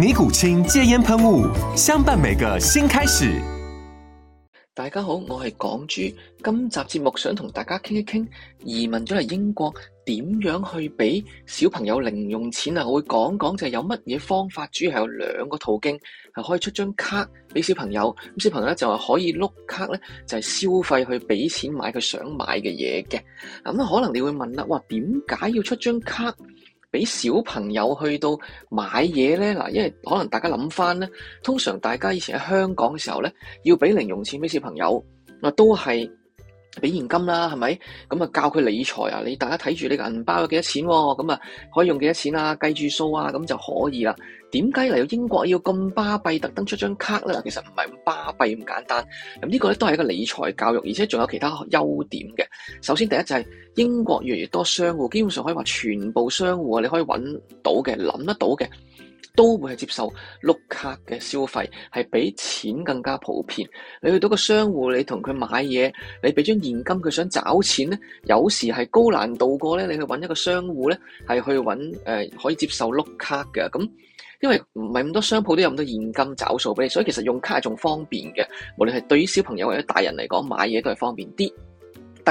尼古清戒煙噴霧，相伴每個新開始。大家好，我係港豬。今集節目想同大家傾一傾移民咗嚟英國，點樣去俾小朋友零用錢啊？我會講一講就係有乜嘢方法，主要係有兩個途徑，係可以出張卡俾小朋友。咁小朋友就係可以碌卡咧，就係、是、消費去俾錢買佢想買嘅嘢嘅。咁、嗯、可能你會問啦，哇，點解要出張卡？畀小朋友去到買嘢呢，嗱，因為可能大家諗返呢，通常大家以前喺香港嘅時候呢，要畀零用錢畀小朋友，嗱，都係，俾現金啦，係咪？咁啊，教佢理財啊！你大家睇住你銀包有幾多錢喎？咁啊，可以用幾多錢啊？計住數啊，咁就可以啦。點解嚟到英國要咁巴閉，特登出張卡咧？其實唔係咁巴閉咁簡單。咁呢個咧都係一個理財教育，而且仲有其他優點嘅。首先第一就係英國越嚟越多商戶，基本上可以話全部商戶啊，你可以揾到嘅，諗得到嘅。都會係接受碌卡嘅消費，係比錢更加普遍。你去到一個商戶，你同佢買嘢，你俾張現金，佢想找錢咧，有時係高難度過咧。你去揾一個商戶咧，係去揾、呃、可以接受碌卡嘅。咁因為唔係咁多商鋪都有咁多現金找數俾你，所以其實用卡係仲方便嘅。無論係對於小朋友或者大人嚟講，買嘢都係方便啲。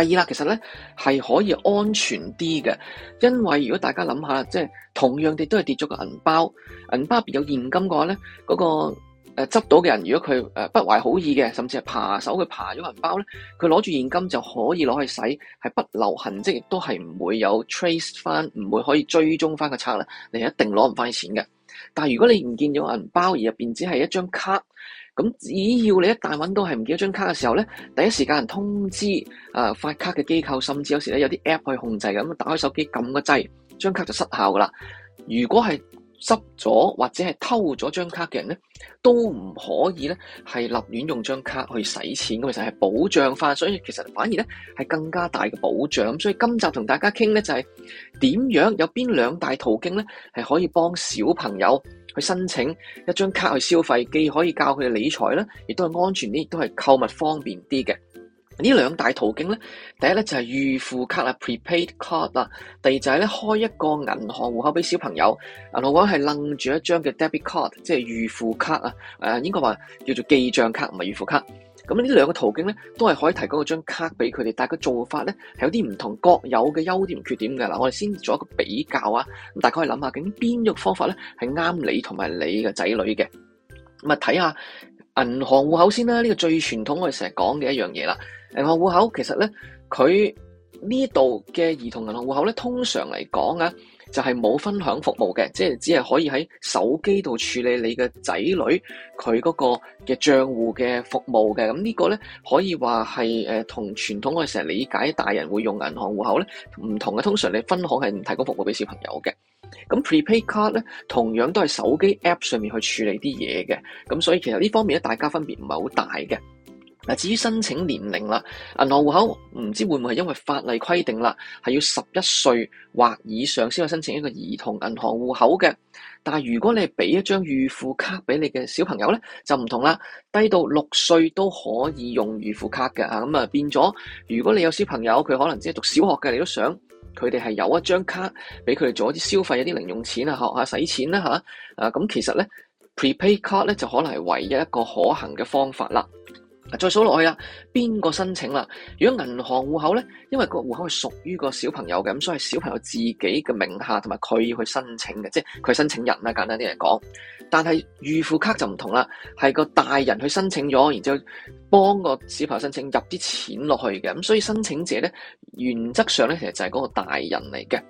第二啦，其實咧係可以安全啲嘅，因為如果大家諗下，即係同樣地都係跌咗個銀包，銀包入邊有現金嘅話咧，嗰個。誒執到嘅人，如果佢誒不懷好意嘅，甚至係扒手，佢爬咗銀包咧，佢攞住現金就可以攞去使，係不留痕跡，亦都係唔會有 trace 翻，唔會可以追蹤翻個賊咧。你係一定攞唔翻啲錢嘅。但係如果你唔見咗銀包而入邊只係一張卡，咁只要你一旦揾到係唔記得張卡嘅時候咧，第一時間通知誒、呃、發卡嘅機構，甚至有時咧有啲 app 去控制嘅，咁打開手機撳個掣，張卡就失效噶啦。如果係，執咗或者係偷咗張卡嘅人咧，都唔可以咧係立亂用張卡去使錢咁，其實係保障翻，所以其實反而咧係更加大嘅保障。所以今集同大家傾咧就係、是、點樣有邊兩大途徑咧，係可以幫小朋友去申請一張卡去消費，既可以教佢哋理財咧，亦都係安全啲，都係購物方便啲嘅。呢兩大途徑咧，第一咧就係預付卡啊 （prepaid card） 啊，第二就係咧開一個銀行戶口俾小朋友。我講係拎住一張嘅 debit card，即係預付卡啊。誒，應該話叫做記帳卡，唔係預付卡。咁呢兩個途徑咧，都係可以提供一張卡俾佢哋，但係個做法咧係有啲唔同，各有嘅優點缺點嘅。嗱，我哋先做一個比較啊，咁大家可以諗下，究竟邊個方法咧係啱你同埋你嘅仔女嘅。咁啊，睇下銀行戶口先啦，呢個最傳統我哋成日講嘅一樣嘢啦。銀行戶口其實咧，佢呢度嘅兒童銀行戶口咧，通常嚟講啊，就係冇分享服務嘅，即係只係可以喺手機度處理你嘅仔女佢嗰個嘅帳戶嘅服務嘅。咁呢個咧可以話係同傳統嘅成日理解大人會用銀行戶口咧唔同嘅。通常你分行係唔提供服務俾小朋友嘅。咁 prepaid card 咧，同樣都係手機 app 上面去處理啲嘢嘅。咁所以其實呢方面咧，大家分別唔係好大嘅。嗱，至於申請年齡啦，銀行戶口唔知會唔會係因為法例規定啦，係要十一歲或以上先可申請一個兒童銀行戶口嘅。但係如果你係俾一張預付卡俾你嘅小朋友咧，就唔同啦，低到六歲都可以用預付卡嘅嚇。咁啊變咗，如果你有小朋友，佢可能只係讀小學嘅，你都想佢哋係有一張卡俾佢哋做一啲消費、一啲零用錢啊，學下使錢啦嚇。啊，咁、啊、其實咧，prepaid card 咧就可能係唯一一個可行嘅方法啦。再數落去啦，邊個申請啦？如果銀行戶口咧，因為個戶口係屬於個小朋友嘅，咁所以小朋友自己嘅名下同埋佢要去申請嘅，即係佢申請人啦，簡單啲嚟講。但係預付卡就唔同啦，係個大人去申請咗，然之後幫個小朋友申請入啲錢落去嘅，咁所以申請者咧，原則上咧其實就係嗰個大人嚟嘅。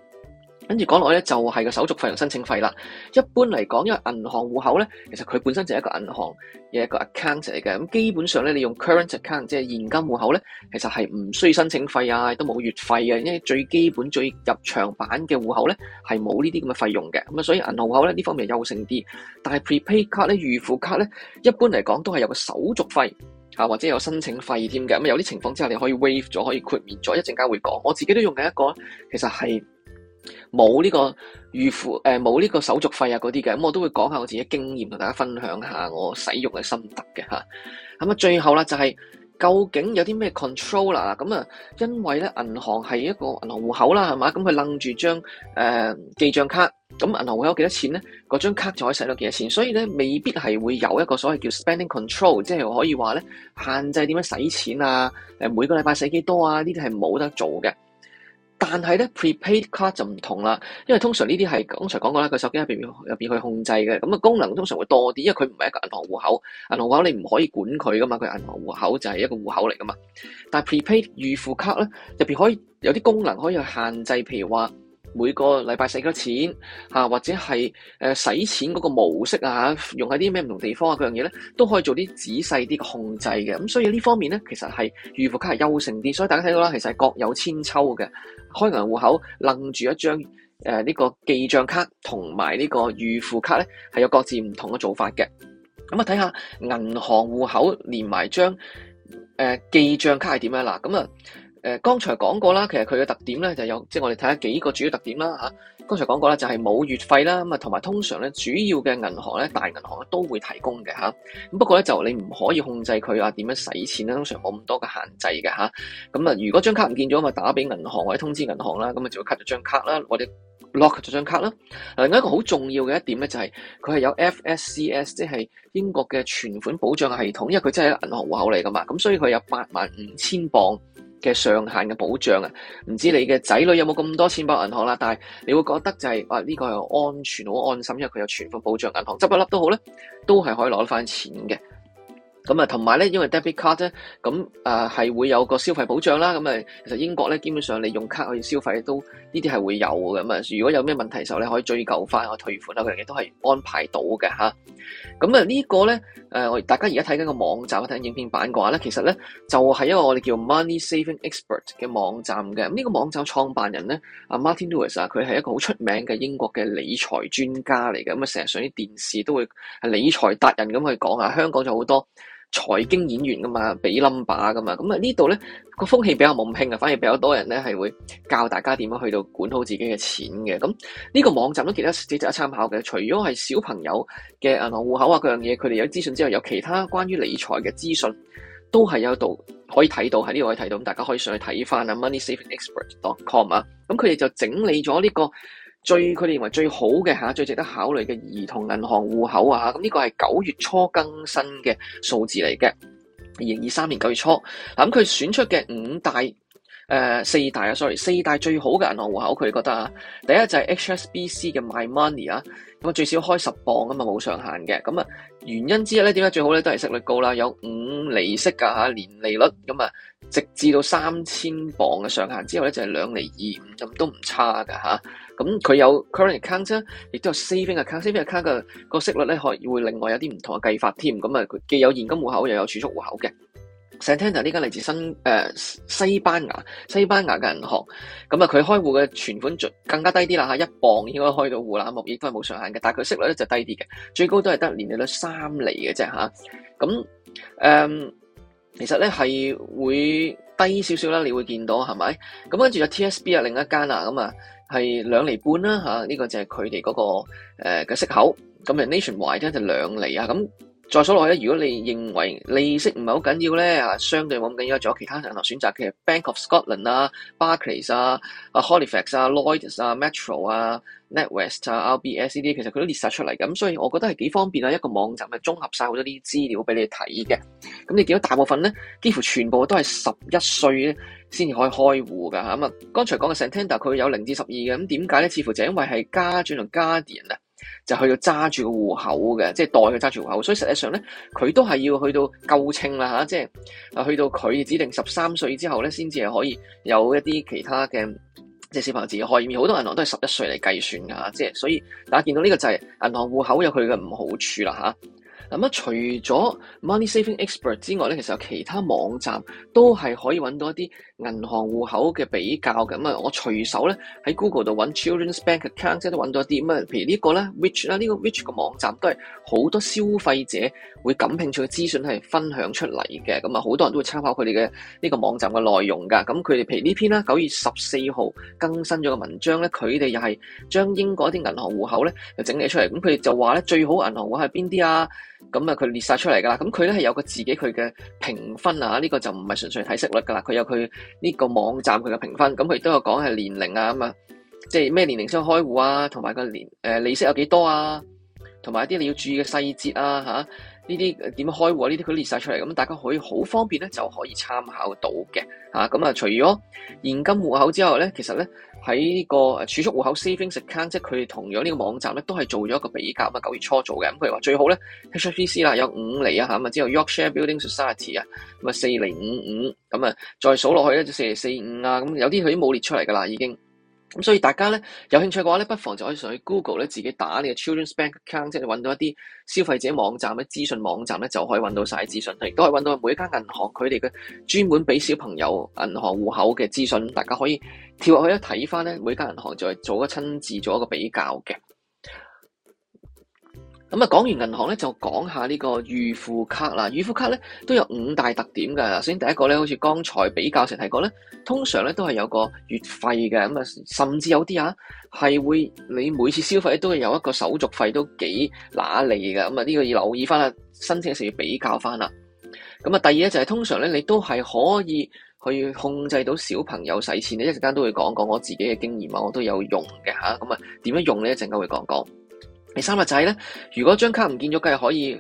跟住講落去咧，就係個手續費同申請費啦。一般嚟講，因為銀行戶口咧，其實佢本身就係一個銀行嘅一個 account 嚟嘅。咁基本上咧，你用 current account，即係現金戶口咧，其實係唔需要申請費啊，都冇月費嘅、啊。因為最基本最入場版嘅戶口咧，係冇呢啲咁嘅費用嘅。咁啊，所以銀行戶口咧呢方面優勝啲。但係 prepaid 卡咧、預付卡咧，一般嚟講都係有個手續費啊，或者有申請費添嘅。咁、嗯、有啲情況之下，你可以 waive 咗，可以豁免咗。一陣間會講，我自己都用緊一個，其實係。冇呢個預付，誒冇呢個手續費啊、嗰啲嘅。咁我都會講下我自己經驗，同大家分享下我使用嘅心得嘅嚇。咁啊最後啦就係、是、究竟有啲咩 control 啦？咁、嗯、啊，因為咧銀行係一個銀行戶口啦，係嘛？咁佢楞住張誒記帳卡，咁、嗯、銀行戶口幾多錢咧？嗰張卡就可以使到幾多錢？所以咧未必係會有一個所謂叫 spending control，即係可以話咧限制點樣使錢啊？誒每個禮拜使幾多啊？呢啲係冇得做嘅。但係咧，Prepaid Card 就唔同啦，因為通常呢啲係剛才講過啦，佢手機入邊入邊去控制嘅，咁嘅功能通常會多啲，因為佢唔係一個銀行戶口，銀行戶口你唔可以管佢噶嘛，佢銀行戶口就係一個戶口嚟噶嘛。但係 Prepaid 預付卡咧，入面可以有啲功能可以去限制，譬如話，每個禮拜使幾多錢吓，或者係誒使錢嗰個模式啊，用喺啲咩唔同地方啊，嗰樣嘢咧，都可以做啲仔細啲嘅控制嘅。咁所以呢方面咧，其實係預付卡係優勝啲。所以大家睇到啦，其實係各有千秋嘅。開銀行戶口楞住一張誒呢、呃呢個記帳卡同埋呢個預付卡咧，係有各自唔同嘅做法嘅。咁啊，睇下銀行戶口連埋張誒、呃、記帳卡係點樣嗱，咁啊。誒，剛才講過啦，其實佢嘅特點咧就有，即係我哋睇下幾個主要特點啦嚇。剛才講過啦，就係冇月費啦，咁啊同埋通常咧主要嘅銀行咧、大銀行咧都會提供嘅嚇。咁不過咧就你唔可以控制佢啊點樣使錢啦，通常冇咁多嘅限制嘅嚇。咁啊，如果張卡唔見咗，咪打俾銀行或者通知銀行啦，咁啊就會 cut 咗張卡啦，或者 lock 咗張卡啦。另外一個好重要嘅一點咧，就係佢係有 FSCS，即係英國嘅存款保障系統，因為佢真係銀行戶口嚟噶嘛，咁所以佢有八萬五千鎊。嘅上限嘅保障啊，唔知你嘅仔女有冇咁多錢包銀行啦，但係你會覺得就係、是，哇、啊、呢、這個係安全好安心，因為佢有存款保障，銀行執一粒都好咧，都係可以攞得返錢嘅。咁啊，同埋咧，因為 debit card 咧，咁啊係會有個消費保障啦。咁、嗯、啊，其實英國咧，基本上你用卡去消費都呢啲係會有嘅。咁、嗯、啊，如果有咩問題嘅時候你可以追究返啊，退款啊，佢哋都係安排到嘅嚇。咁、嗯、啊，這個、呢個咧，我、呃、大家而家睇緊個網站，睇緊影片版嘅話咧，其實咧就係、是、一個我哋叫 Money Saving Expert 嘅網站嘅。咁、嗯、呢、這個網站創辦人咧，阿 Martin Lewis 啊，佢係一個好出名嘅英國嘅理財專家嚟嘅。咁、嗯、啊，成日上啲電視都會係理財達人咁去講啊。香港就好多。財經演員噶嘛，俾 number 噶嘛，咁啊呢度咧、呢個風氣比較蒙興啊，反而比較多人咧係會教大家點樣去到管好自己嘅錢嘅。咁呢個網站都幾值得參考嘅，除咗係小朋友嘅銀行戶口啊嗰樣嘢，佢哋有資訊之外，有其他關於理財嘅資訊都係有度可以睇到喺呢度可以睇到，咁大家可以上去睇翻啊。Money Saving Expert dot com 啊，咁佢哋就整理咗呢、呢個。最佢哋認為最好嘅吓，最值得考慮嘅兒童銀行戶口啊，咁、這、呢個係九月初更新嘅數字嚟嘅，二零二三年九月初，咁佢選出嘅五大誒、呃、四大啊，sorry，四大最好嘅銀行戶口，佢哋覺得啊，第一就係 HSBC 嘅 MyMoney 啊。咁啊最少開十磅，咁啊冇上限嘅，咁啊原因之一咧，點解最好咧，都係息率高啦，有五厘息㗎吓，年利率，咁啊，直至到三千磅嘅上限之後咧，就係兩厘二五，咁都唔差㗎吓，咁佢有 current account 亦都有 saving account。saving account 嘅個息率咧，可能會另外有啲唔同嘅計法添。咁啊既有現金戶口又有儲蓄戶口嘅。Santander 呢間嚟自新誒、呃、西班牙西班牙嘅銀行，咁啊佢開戶嘅存款就更加低啲啦嚇，一磅應該開到戶啦，冇亦都係冇上限嘅，但佢息率咧就低啲嘅，最高都係得年利率三厘嘅啫。咁其實咧係會低少少啦，你會見到係咪？咁、嗯、跟住就 T S B、嗯、啊，另一間啦，咁啊係兩厘半啦，呢個就係佢哋嗰個嘅、呃、息口。咁 Nationwide 就兩厘啊咁。嗯再所落咧，如果你認為利息唔係好緊要咧，啊，相對冇咁緊要，仲有其他銀行選擇嘅 Bank of Scotland 啊、Barclays 啊、啊、Halifax 啊、Lloyds 啊、Metro 啊、NatWest 啊、RBS 呢啲，其實佢都列晒出嚟。咁所以我覺得係幾方便啊！一個網站係綜合晒好多啲資料俾你睇嘅。咁你見到大部分咧，幾乎全部都係十一歲咧先至可以開戶㗎，咁啊，剛才講嘅 Santander 佢有零至十二嘅，咁點解咧？似乎就因為係家長同家人啊。就去到揸住個戶口嘅，即係代佢揸住戶口，所以實際上咧，佢都係要去到夠秤啦吓，即係去到佢指定十三歲之後咧，先至係可以有一啲其他嘅，即係小朋友自己開。而好多銀行都係十一歲嚟計算㗎，即係所以，大家見到呢個就係銀行戶口有佢嘅唔好處啦吓。咁啊，除咗 Money Saving Expert 之外咧，其實有其他網站都係可以揾到一啲。銀行戶口嘅比較，咁啊，我隨手咧喺 Google 度揾 Children's Bank Account，即係都揾到一啲乜，譬如呢個呢 Which，呢個咧，Which 啦，呢個 Which 個網站都係好多消費者會感興趣嘅資訊，係分享出嚟嘅。咁啊，好多人都會參考佢哋嘅呢個網站嘅內容噶，咁佢哋譬如呢篇呢篇啦，九月十四號更新咗個文章咧，佢哋又係將英國的一啲銀行戶口咧，又整理出嚟，咁佢哋就話咧最好銀行會係邊啲啊，咁啊，佢列晒出嚟噶啦，咁佢咧係有個自己佢嘅評分啊，呢、呢個就唔係純粹睇息率噶啦，佢有佢。呢個網站佢嘅評分，咁佢都有講係年齡啊，咁啊，即係咩年齡，先可以開戶啊，同埋個年誒、呃、利息有幾多啊，同埋一啲你要注意嘅細節啊，吓。呢啲點樣開戶？呢啲佢列晒出嚟，咁大家可以好方便咧，就可以參考到嘅嚇。咁啊,啊，除咗現金戶口之後咧，其實咧喺呢在個儲蓄戶口 （saving a c ount, 即係佢同咗呢個網站咧，都係做咗一個比較。啊。九月初做嘅，咁佢哋話最好咧，HFC 啦有五厘啊嚇，咁啊之後 Yorkshire Building Society 啊，咁啊四釐五五，咁啊再數落去咧就四釐四五啊，咁、啊、有啲佢都冇列出嚟㗎啦已經。咁所以大家咧有興趣嘅話咧，不妨就可以上去 Google 咧，自己打呢個 Children's Bank Account，即係你揾到一啲消費者網站咧、資訊網站咧，就可以揾到晒資訊，亦都可以揾到每一間銀行佢哋嘅專門俾小朋友銀行戶口嘅資訊，大家可以跳入去一睇翻咧，每間銀行就係做一個親自做一個比較嘅。咁啊，講完銀行咧，就講下呢個預付卡啦。預付卡咧都有五大特點㗎。首先第一個咧，好似剛才比較時提過咧，通常咧都係有個月費嘅。咁啊，甚至有啲啊係會你每次消費都會有一個手續費，都幾拿利㗎。咁啊，呢個要留意翻啦，申請時要比較翻啦。咁啊，第二咧就係通常咧你都係可以去控制到小朋友使錢。你一陣間都會講講我自己嘅經驗啊，我都有用嘅吓，咁啊，點樣用咧一陣間會講講。第三個仔咧，如果張卡唔見咗，梗係可以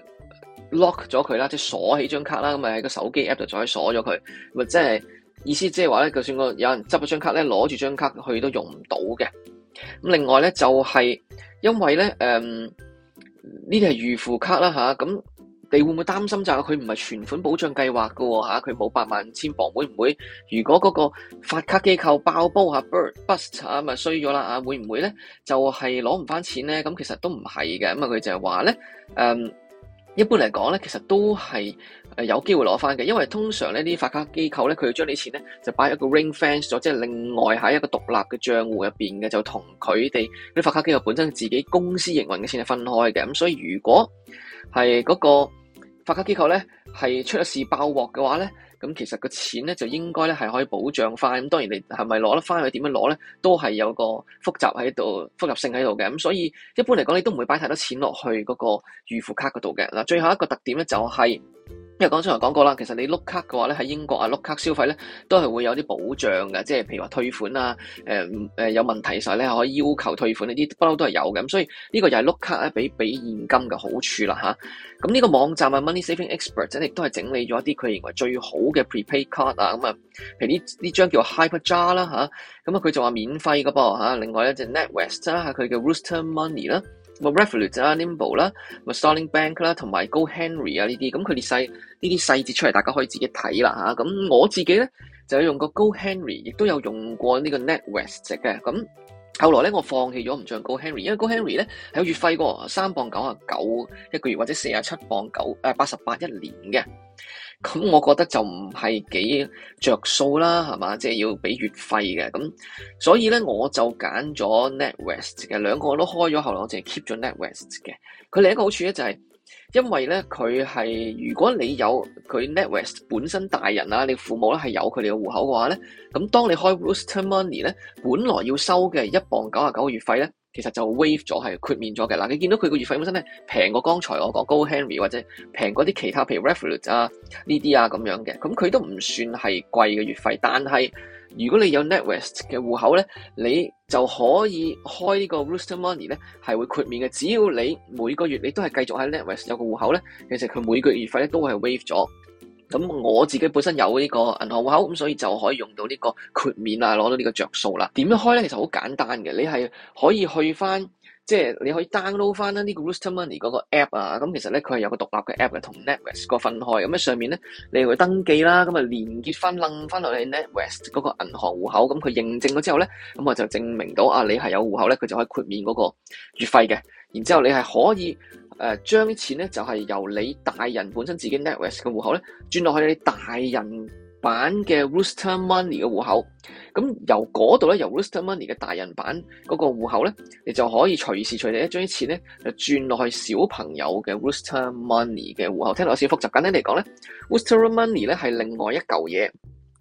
lock 咗佢啦，即係鎖起張卡啦，咁咪喺個手機 app 度再鎖咗佢，咪即係意思即係話咧，就算個有人執咗張卡咧，攞住張卡去都用唔到嘅。咁另外咧就係、是、因為咧，誒呢啲係預付卡啦吓，咁、啊。你會唔會擔心就係佢唔係存款保障計劃嘅喎。佢冇八萬五千鎊會唔會？如果嗰個發卡機構爆煲下 burnt bust 啊，咪衰咗啦啊？會唔會咧？就係攞唔翻錢咧？咁其實都唔係嘅，咁啊佢就係話咧，誒一般嚟講咧，其實都係誒、嗯、有機會攞翻嘅，因為通常呢啲發卡機構咧，佢要將啲錢咧就擺喺一個 ring fence 咗，即係另外喺一個獨立嘅賬戶入邊嘅，就同佢哋啲發卡機構本身自己公司營運嘅錢係分開嘅。咁所以如果係嗰、嗰個發卡機構咧係出咗事爆鑊嘅話咧，咁其實個錢咧就應該咧係可以保障翻。咁當然你係咪攞得翻去點樣攞咧，都係有個複雜喺度複雜性喺度嘅。咁所以一般嚟講，你都唔會擺太多錢落去嗰個預付卡嗰度嘅嗱。最後一個特點咧就係、是。因為講先頭講過啦，其實你碌卡嘅話咧，喺英國啊碌卡消費咧，都係會有啲保障嘅，即係譬如話退款啊，誒、呃呃、有問題時候咧，可以要求退款呢啲，不嬲都係有嘅。咁，所以呢個就係碌卡咧，俾俾現金嘅好處啦吓，咁、啊、呢個網站 Expert, 啊，Money Saving Expert 亦都係整理咗一啲佢認為最好嘅 Prepaid Card 啊，咁啊，譬如呢呢張叫 HyperJar 啦吓，咁啊佢就話免費嗰噃吓，另外一隻 NatWest 啦，佢嘅、啊、Rooster Money 啦。咪 Revolut 啊，Nimble 啦，咪 Starling Bank 啦，同埋 Go Henry 啊呢啲，咁佢列晒呢啲細節出嚟，大家可以自己睇啦吓，咁我自己咧就有用過 Go Henry，亦都有用過呢個 NatWest 嘅。咁後來咧我放棄咗唔再用 Go Henry，因為 Go Henry 咧係月費喎，三磅九啊九一個月，或者四啊七磅九，誒八十八一年嘅。咁我覺得就唔係幾着數啦，係嘛，即係要俾月費嘅，咁，所以咧我就揀咗 NetWest 嘅兩個我都開咗，後來我淨係 keep 咗 NetWest 嘅。佢另一個好處咧就係，因為咧佢係如果你有佢 NetWest 本身大人啦，你父母咧係有佢哋嘅戶口嘅話咧，咁當你開 Rooster Money 咧，本來要收嘅一磅九啊九嘅月費咧。其實就 waive 咗係豁免咗嘅。嗱，你見到佢個月費本身咧平過剛才我講 GoHenry 或者平過啲其他譬如 Revolut 啊呢啲啊咁樣嘅，咁佢都唔算係貴嘅月費，但係如果你有 NatWest 嘅戶口咧，你就可以開個呢個 Rooster Money 咧係會豁免嘅，只要你每個月你都係繼續喺 NatWest 有個戶口咧，其實佢每個月月費咧都係 waive 咗。咁我自己本身有呢個銀行戶口，咁所以就可以用到呢個豁免啊，攞到呢個着數啦。點樣開咧？其實好簡單嘅，你係可以去翻，即係你可以 download 翻呢個 Rooster Money 嗰個 app 啊。咁其實咧佢係有個獨立嘅 app 嘅，同 NatWest 個分開。咁喺上面咧，你會登記啦。咁啊連結翻，楞翻落去 NatWest 嗰個銀行戶口。咁佢認證咗之後咧，咁我就證明到啊你係有戶口咧，佢就可以豁免嗰個月費嘅。然之後你係可以。誒將啲錢咧就係由你大人本身自己 NatWest 嘅戶口咧轉落去你大人版嘅 Rooster Money 嘅戶口，咁由嗰度咧由 Rooster Money 嘅大人版嗰個戶口咧，你就可以隨時隨地咧將啲錢咧就轉落去小朋友嘅 Rooster Money 嘅戶口，聽落有少少複雜，簡單嚟講咧，Rooster Money 咧係另外一嚿嘢，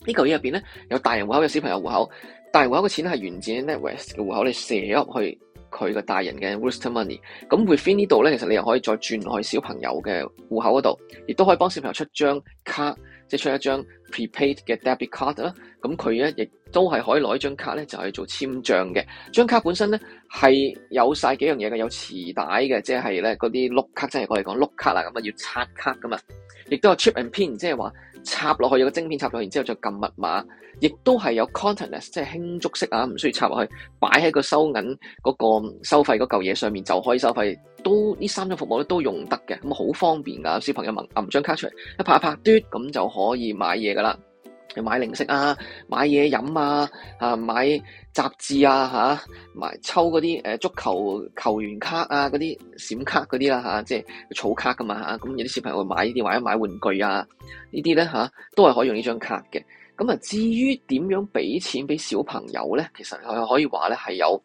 呢嚿嘢入面咧有大人戶口有小朋友戶口，大人戶口嘅錢係源自 NatWest 嘅戶口你射入去。佢個大人嘅 Rooster Money，咁 within 呢度咧，其實你又可以再轉去小朋友嘅戶口嗰度，亦都可以幫小朋友出張卡，即係出一張 prepaid 嘅 debit card 啦。咁佢咧亦都係可以攞張卡咧，就去做簽帳嘅。張卡本身咧係有晒幾樣嘢嘅，有磁帶嘅，即係咧嗰啲碌卡，即係我哋講碌卡啦，咁啊要刷卡噶嘛，亦都有 chip and pin，即係話。插落去有個晶片插落去，然之後再撳密碼，亦都係有 contactless，即係輕觸式啊，唔需要插落去，擺喺個收銀嗰個收費嗰嚿嘢上面就可以收費。都呢三種服務咧都用得嘅，咁好方便㗎。小朋友揞揞張卡出嚟，一拍一拍嘟，咁就可以買嘢㗎啦。買買零食啊，買嘢飲啊，嚇買雜誌啊，嚇買抽嗰啲足球球員卡啊，嗰啲閃卡嗰啲啦，即係儲卡噶嘛，咁有啲小朋友會買呢啲，或者買玩具啊，呢啲咧都係可以用呢張卡嘅。咁啊，至於點樣俾錢俾小朋友咧，其實佢可以話咧係有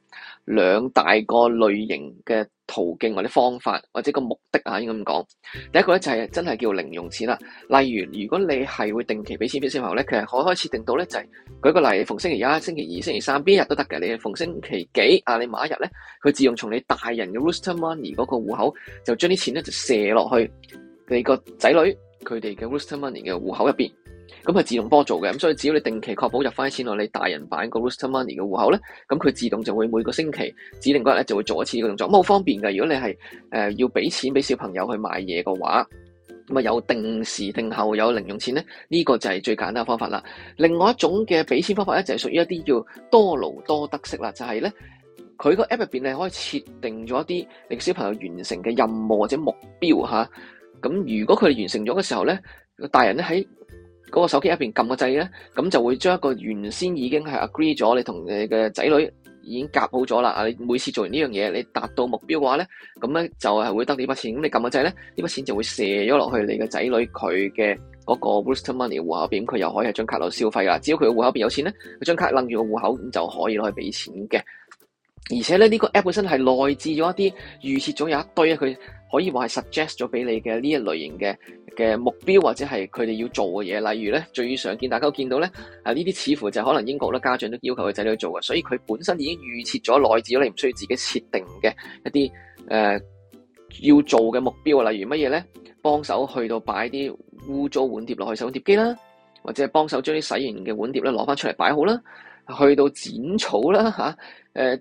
兩大個類型嘅途徑，或者方法，或者個目的啊，應該咁講。第一個咧就係、是、真係叫零用錢啦。例如，如果你係會定期俾錢俾小朋友咧，其實可以開設定到咧就係、是、舉個例，逢星期一、星期二、星期三邊一日都得嘅。你係逢星期幾啊？你某一日咧，佢自用從你大人嘅 rooster money 嗰個戶口就將啲錢咧就射落去你個仔女佢哋嘅 rooster money 嘅戶口入邊。咁係自動波做嘅，咁所以只要你定期確保入翻啲錢落你大人版個 Rooster Money 嘅戶口咧，咁佢自動就會每個星期指定嗰日咧就會做一次呢個動作，咁好方便嘅。如果你係、呃、要俾錢俾小朋友去買嘢嘅話，咁啊有定時定後有零用錢咧，呢、呢個就係最簡單嘅方法啦。另外一種嘅俾錢方法咧就係、係、屬於一啲叫多勞多得式啦，就係咧佢個 app 入面你可以設定咗一啲你小朋友完成嘅任務或者目標嚇。咁、啊、如果佢哋完成咗嘅時候咧，個大人咧喺。嗰個手機入邊撳個掣咧，咁就會將一個原先已經係 agree 咗，你同你嘅仔女已經夾好咗啦。啊，你每次做完呢樣嘢，你達到目標嘅話咧，咁咧就係會得呢筆錢。咁你撳個掣咧，呢筆錢就會射咗落去你嘅仔女佢嘅嗰個 Rooster Money 戶口入邊，佢又可以將卡攞嚟消費啊。只要佢嘅戶口入邊有錢咧，佢張卡楞住個戶口咁就可以攞去俾錢嘅。而且咧，呢個 app 本身係內置咗一啲預設咗有一堆佢。可以話係 suggest 咗俾你嘅呢一類型嘅嘅目標，或者係佢哋要做嘅嘢。例如咧，最常見大家見到咧，啊，呢啲似乎就係可能英國咧家長都要求佢仔女去做嘅，所以佢本身已經預設咗內置咗，你唔需要自己設定嘅一啲誒、呃、要做嘅目標。例如乜嘢咧？幫手去到擺啲污糟碗碟落去洗碗碟機啦，或者幫手將啲洗完嘅碗碟咧攞翻出嚟擺好啦。去到剪草啦嚇、啊，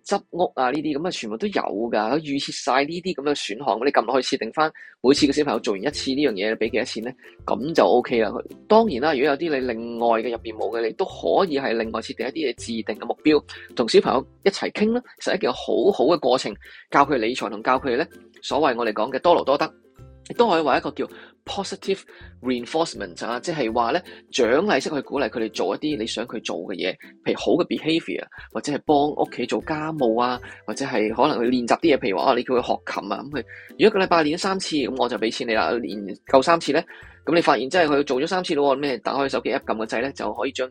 執屋啊呢啲咁啊，全部都有㗎，預設晒呢啲咁嘅選項，你撳落去設定翻每次嘅小朋友做完一次呢樣嘢，俾幾多錢咧？咁就 OK 啦。當然啦，如果有啲你另外嘅入邊冇嘅，你都可以係另外設定一啲你自定嘅目標，同小朋友一齊傾啦，實係一件好好嘅過程，教佢理財同教佢咧所謂我哋講嘅多勞多得。都可以話一個叫 positive reinforcement 啊，即係話咧獎勵式去鼓勵佢哋做一啲你想佢做嘅嘢，譬如好嘅 behaviour，或者係幫屋企做家務啊，或者係可能去練習啲嘢，譬如話啊，你叫佢學琴啊，咁、嗯、佢如果一個禮拜練咗三次，咁我就俾錢你啦。練夠三次咧，咁你發現真係佢做咗三次咯，咩打開手機 app 撳個掣咧，就可以將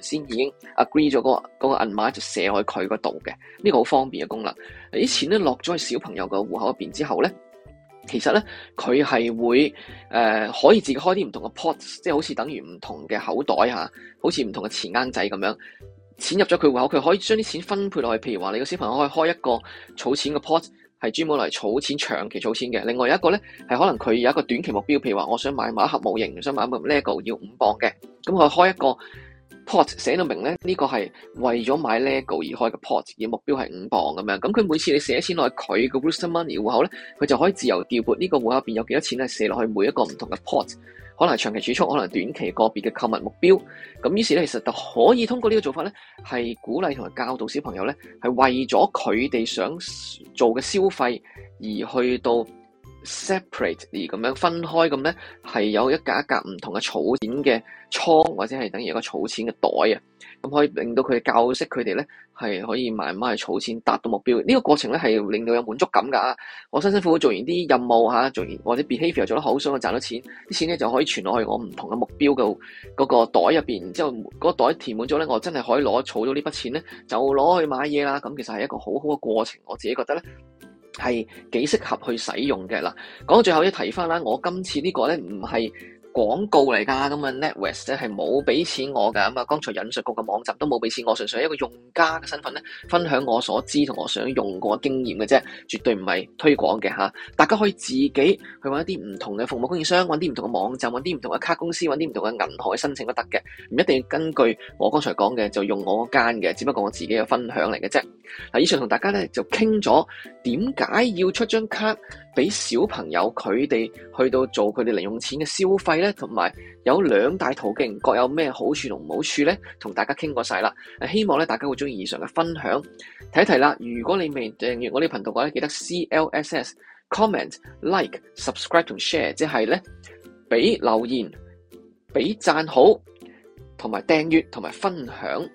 先已經 agree 咗嗰、那、嗰、個那個銀碼就寫喺佢個度嘅，呢個好方便嘅功能。啲錢咧落咗喺小朋友個戶口入邊之後咧。其實咧，佢係會誒、呃、可以自己開啲唔同嘅 pots，即係好似等於唔同嘅口袋吓，好似唔同嘅錢罌仔咁樣，錢入咗佢戶口，佢可以將啲錢分配落去。譬如話，你個小朋友可以開一個儲錢嘅 pots，係專門嚟儲錢、長期儲錢嘅。另外有一個咧，係可能佢有一個短期目標，譬如話，我想買買一盒模型，想買一個 lego 要五磅嘅，咁佢開一個。pot 寫到明咧，呢個係為咗買 LEGO 而開嘅 pot，r 而目標係五磅咁樣。咁佢每次你寫錢落去佢嘅 Rooster Money 戶口咧，佢就可以自由調撥、這個、戶、呢個戶口入邊有幾多錢咧，寫落去每一個唔同嘅 pot，r 可能係長期儲蓄，可能係短期個別嘅購物目標。咁於是咧，其實就可以通過呢個做法咧，係鼓勵同埋教導小朋友咧，係為咗佢哋想做嘅消費而去到。Separately, 咁樣分開咁呢，係有一格一格唔同嘅儲錢嘅倉，或者係等於一個儲錢嘅袋啊。咁可以令到佢教識佢哋呢係可以慢慢去儲錢，達到目標。呢個過程呢係令到有滿足感㗎。我辛辛苦苦做完啲任務吓，做完或者 behavior 做得好，所以我賺到錢，啲錢呢就可以存落去我唔同嘅目標嘅嗰個袋入邊。之後嗰個袋填滿咗呢，我真係可以攞儲到呢筆錢呢，就攞去買嘢啦。咁其實係一個好好嘅過程，我自己覺得呢。係幾適合去使用嘅啦。講到最後，一提返啦，我今次呢個咧唔係廣告嚟㗎，咁啊，NatWest 咧係冇俾錢我㗎，咁啊，剛才引述過個網站都冇俾錢我，純粹係一個用家嘅身份咧，分享我所知同我想用過嘅經驗嘅啫，絕對唔係推廣嘅吓。大家可以自己去揾一啲唔同嘅服務供應商，揾啲唔同嘅網站，揾啲唔同嘅卡公司，揾啲唔同嘅銀行去申請都得嘅，唔一定要根據我剛才講嘅就用我的間嘅，只不過我自己嘅分享嚟嘅啫。嗱，以上同大家咧就傾咗點解要出張卡。俾小朋友佢哋去到做佢哋零用錢嘅消費咧，同埋有，有兩大途徑，各有咩好處同唔好處咧？同大家傾過晒啦。希望咧大家會中意以上嘅分享。提一提啦，如果你未訂閱我呢個頻道嘅咧，記得 CLSS Comment Like Subscribe 同 Share，即係咧俾留言、俾讚好同埋訂閱同埋分享。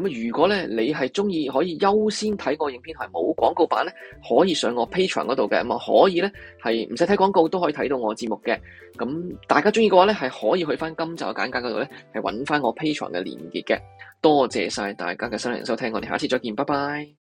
咁如果咧，你係中意可以優先睇個影片係冇廣告版咧，可以上我 Patreon 嗰度嘅，咁啊可以咧係唔使睇廣告都可以睇到我節目嘅。咁大家中意嘅話咧，係可以去翻今集簡介嗰度咧，係揾翻我 Patreon 嘅連結嘅。多謝晒大家嘅收聽收聽，我哋下次再見，拜拜。